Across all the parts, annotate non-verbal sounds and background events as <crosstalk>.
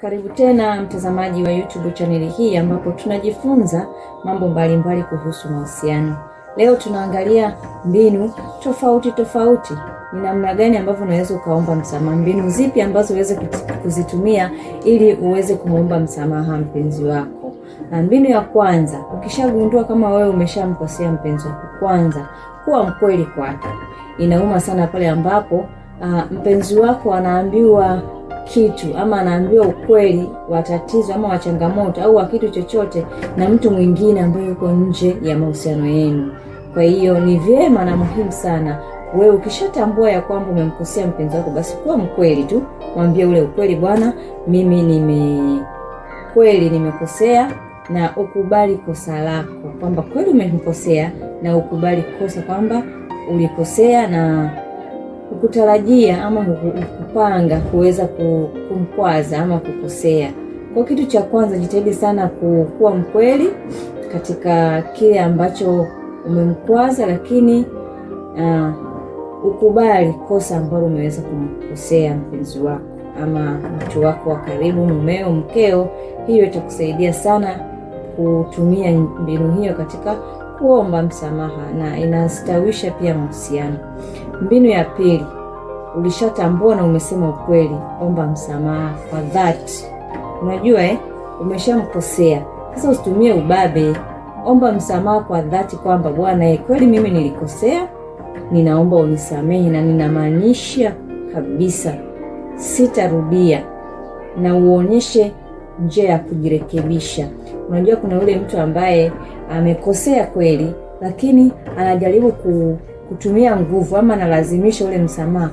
Karibu tena mtazamaji wa YouTube chaneli hii ambapo tunajifunza mambo mbalimbali kuhusu mahusiano. Leo tunaangalia mbinu tofauti tofauti, ni namna gani ambavyo unaweza ukaomba msamaha, mbinu zipi ambazo uweze kuzitumia ili uweze kumwomba msamaha mpenzi wako. Na mbinu ya kwanza, ukishagundua kama wewe umeshamkosea mpenzi wako, kwanza kuwa mkweli kwake. Inauma sana pale ambapo uh, mpenzi wako anaambiwa kitu ama anaambiwa ukweli wa tatizo ama wa changamoto au wa kitu chochote na mtu mwingine ambaye yuko nje ya mahusiano yenu. Kwa hiyo ni vyema na muhimu sana wewe ukishatambua ya kwamba umemkosea mpenzi wako, basi kuwa mkweli tu, mwambie ule ukweli, bwana, mimi nime kweli nimekosea, na ukubali kosa lako kwamba kweli umemkosea, na ukubali kosa kwamba ulikosea na hukutarajia ama hukupanga kuweza kumkwaza ama kukosea. Kwa kitu cha kwanza, jitahidi sana kuwa mkweli katika kile ambacho umemkwaza, lakini uh, ukubali kosa ambalo umeweza kumkosea mpenzi wako ama mtu wako wa karibu, mumeo, mkeo. Hiyo itakusaidia sana kutumia mbinu hiyo katika kuomba msamaha na inastawisha pia mahusiano. Mbinu ya pili, ulishatambua na umesema ukweli, omba msamaha kwa dhati. Unajua eh, umeshamkosea sasa, usitumie ubabe, omba msamaha kwa dhati kwamba bwana, eh, kweli mimi nilikosea, ninaomba unisamehe na ninamaanisha kabisa sitarudia, na uonyeshe njia ya kujirekebisha. Unajua kuna yule mtu ambaye amekosea kweli, lakini anajaribu kutumia nguvu ama analazimisha ule msamaha.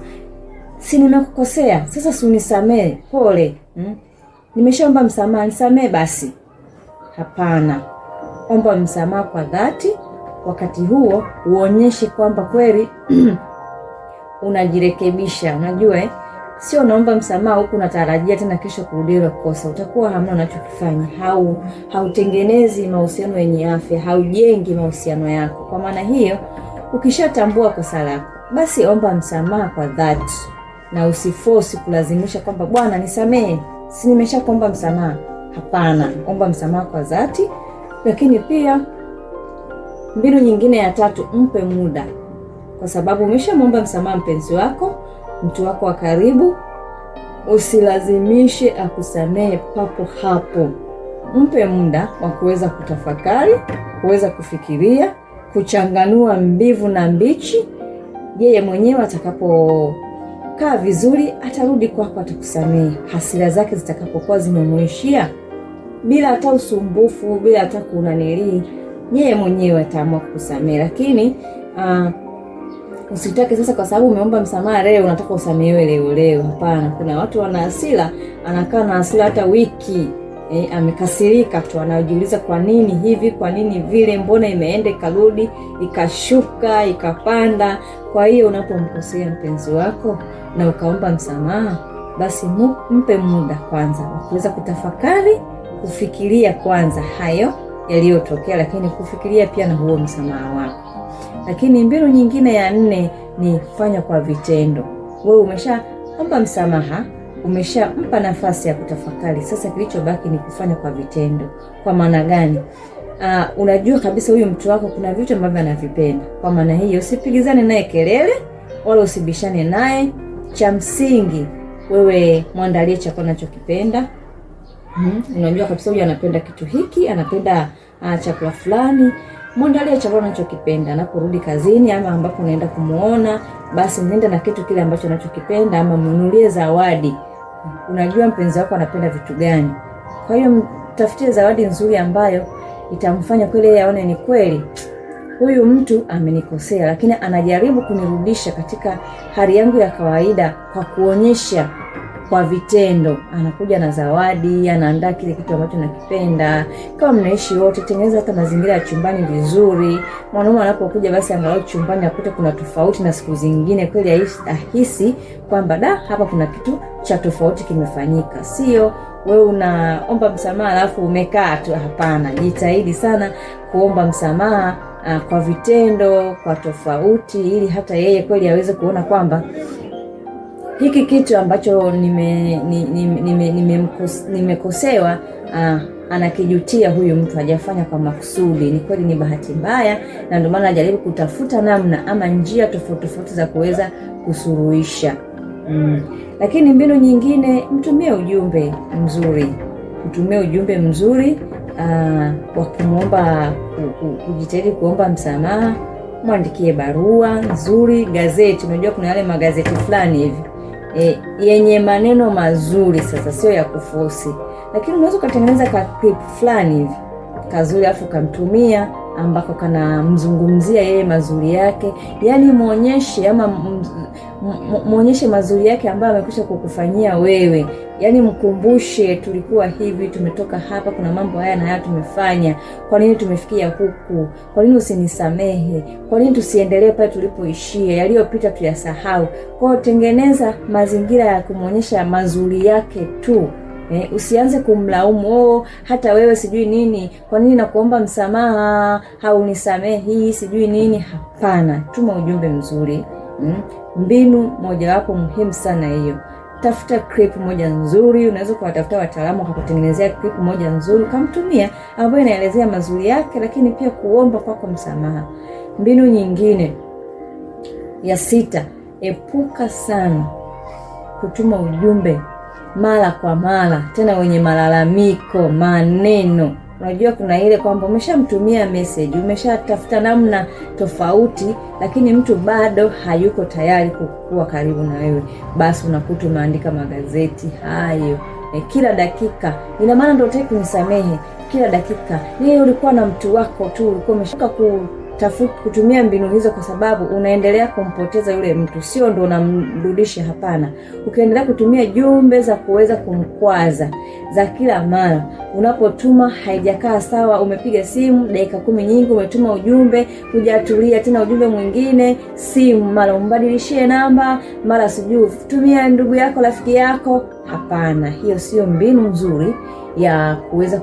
Si nimekukosea, sasa si unisamee, pole hmm? Nimeshaomba msamaha, nisamee basi. Hapana, omba msamaha kwa dhati. Wakati huo uonyeshe kwamba kweli <clears throat> unajirekebisha, unajua eh? sio naomba msamaha huku natarajia tena kesho kurudia kosa, utakuwa hamna unachokifanya. Hau hautengenezi mahusiano yenye afya, haujengi mahusiano yako. Kwa maana hiyo, ukishatambua kosa lako, basi omba msamaha kwa dhati na usifosi kulazimisha kwamba bwana, nisamehe, si nimeshakuomba msamaha. Hapana, omba msamaha kwa dhati. Lakini pia mbinu nyingine ya tatu, mpe muda, kwa sababu umeshamwomba msamaha mpenzi wako mtu wako wa karibu, usilazimishe akusamehe papo hapo. Mpe muda wa kuweza kutafakari, kuweza kufikiria, kuchanganua mbivu na mbichi. Yeye mwenyewe atakapokaa vizuri, atarudi kwako, atakusamehe hasira zake zitakapokuwa zimemuishia bila hata usumbufu, bila hata kunanilii, yeye mwenyewe ataamua kukusamehe, lakini uh, Usitake sasa, kwa sababu umeomba msamaha leo, unataka usamehewe leo leo. Hapana, kuna watu wana hasira, anakaa na hasira hata wiki E, amekasirika tu, anajiuliza kwa nini hivi, kwa nini vile, mbona imeenda ikarudi ikashuka ikapanda. Kwa hiyo unapomkosea mpenzi wako na ukaomba msamaha, basi mpe muda kwanza wa kuweza kutafakari, kufikiria kwanza hayo yaliyotokea, lakini kufikiria pia na huo msamaha wako. Lakini mbinu nyingine ya nne ni fanya kwa vitendo. Wewe umeshaomba msamaha, umeshampa nafasi ya kutafakari, sasa kilichobaki ni kufanya kwa vitendo. Kwa maana gani? Uh, unajua kabisa huyu mtu wako kuna vitu ambavyo anavipenda. Kwa maana hiyo usipigizane naye kelele wala usibishane naye. Cha msingi wewe mwandalie chakula anachokipenda Hmm, unajua kabisa huyu anapenda kitu hiki, anapenda ah, chakula fulani, mwandalie chakula anachokipenda. Anaporudi kazini ama ambapo unaenda kumuona, basi nenda na kitu kile ambacho anachokipenda, ama mnunulie zawadi. Unajua mpenzi wako anapenda vitu gani, kwa hiyo mtafutie zawadi nzuri ambayo itamfanya kweli yeye aone ni kweli huyu mtu amenikosea, lakini anajaribu kunirudisha katika hali yangu ya kawaida kwa kuonyesha kwa vitendo, anakuja na zawadi, anaandaa kile kitu ambacho nakipenda. Kama mnaishi wote, tengeneza hata mazingira ya chumbani vizuri. Mwanaume anapokuja basi, angalau chumbani akute kuna tofauti na siku zingine, kweli ahisi kwamba da, hapa kuna kitu cha tofauti kimefanyika, sio we unaomba msamaha alafu umekaa tu. Hapana, jitahidi sana kuomba msamaha ah, kwa vitendo, kwa tofauti, ili hata yeye kweli aweze kuona kwamba hiki kitu ambacho nimekosewa nime, nime, nime, nime ah, anakijutia huyu mtu, hajafanya kwa makusudi. Ni kweli ni bahati mbaya, na ndio maana ajaribu kutafuta namna ama njia tofauti tofauti za kuweza kusuruhisha mm. Lakini mbinu nyingine, mtumie ujumbe mzuri, mtumie ujumbe mzuri ah, wa kumwomba, kujitahidi kuomba msamaha, mwandikie barua nzuri, gazeti. Unajua kuna yale magazeti fulani hivi e, yenye maneno mazuri, sasa sio ya kufosi, lakini unaweza ukatengeneza ka clip fulani hivi kazuri, afu ukamtumia ambako kanamzungumzia yeye mazuri yake, yani mwonyeshe ama mwonyeshe mazuri yake ambayo amekwisha kukufanyia wewe, yani mkumbushe, tulikuwa hivi, tumetoka hapa, kuna mambo haya na haya tumefanya, kwa nini tumefikia huku, kwa nini usinisamehe, kwa nini tusiendelee pale tulipoishia, yaliyopita tuyasahau. Kwao tengeneza mazingira ya kumwonyesha mazuri yake tu. Eh, usianze kumlaumu oh, hata wewe sijui nini, kwa nini nakuomba msamaha, haunisamehi sijui nini. Hapana, tuma ujumbe mzuri mm. Mbinu mojawapo muhimu sana hiyo. Tafuta clip moja nzuri, unaweza kuwatafuta wataalamu wakakutengenezea clip moja nzuri ukamtumia, ambayo inaelezea mazuri yake, lakini pia kuomba kwako msamaha. Mbinu nyingine ya sita, epuka sana kutuma ujumbe mara kwa mara, tena wenye malalamiko, maneno. Unajua kuna ile kwamba umeshamtumia message, umeshatafuta namna tofauti, lakini mtu bado hayuko tayari kukuwa karibu na wewe, basi unakuta umeandika magazeti hayo e, kila dakika. Ina maana ndio utaki kunisamehe kila dakika, yeye ulikuwa na mtu wako tu, ulikuwa umeshaka ku tafuta kutumia mbinu hizo, kwa sababu unaendelea kumpoteza yule mtu, sio ndo unamrudisha. Hapana, ukiendelea kutumia jumbe za kuweza kumkwaza za kila mara unapotuma, haijakaa sawa. Umepiga simu dakika kumi nyingi, umetuma ujumbe, hujatulia tena, ujumbe mwingine, simu mara umbadilishie namba, mara sijui tumia ndugu yako, rafiki yako. Hapana, hiyo sio mbinu nzuri ya kuweza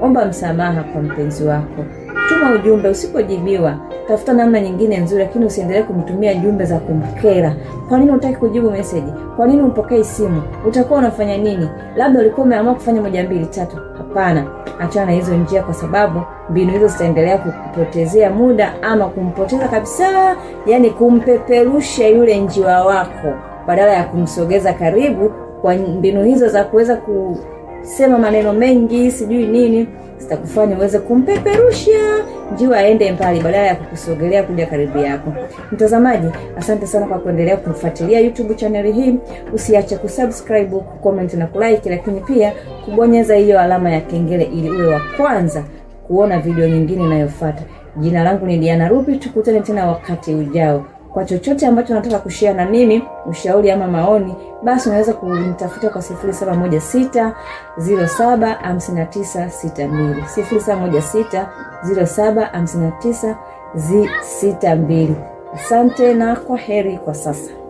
kuomba msamaha kwa mpenzi wako. Tuma ujumbe, usipojibiwa tafuta namna nyingine nzuri, lakini usiendelee kumtumia jumbe za kumkera. Kwa nini unataka kujibu message? Kwa nini umpokee simu? Utakuwa unafanya nini? Labda ulikuwa umeamua kufanya moja mbili tatu. Hapana, achana hizo njia, kwa sababu mbinu hizo zitaendelea kukupotezea muda ama kumpoteza kabisa, yani kumpeperusha yule njiwa wako, badala ya kumsogeza karibu kwa mbinu hizo za kuweza ku sema maneno mengi sijui nini zitakufanya uweze kumpeperusha juu aende mbali badala ya kukusogelea kuja karibu yako. Mtazamaji, asante sana kwa kuendelea kumfuatilia YouTube chaneli hii. Usiache kusubscribe, kucomment na kulike, lakini pia kubonyeza hiyo alama ya kengele ili uwe wa kwanza kuona video nyingine inayofuata. Jina langu ni Diana rupi tukutane tena wakati ujao kwa chochote ambacho unataka kushia na mimi, ushauri ama maoni, basi unaweza kunitafuta kwa 0716 07 59 62 0716 07 59 62. Asante na kwa heri kwa sasa.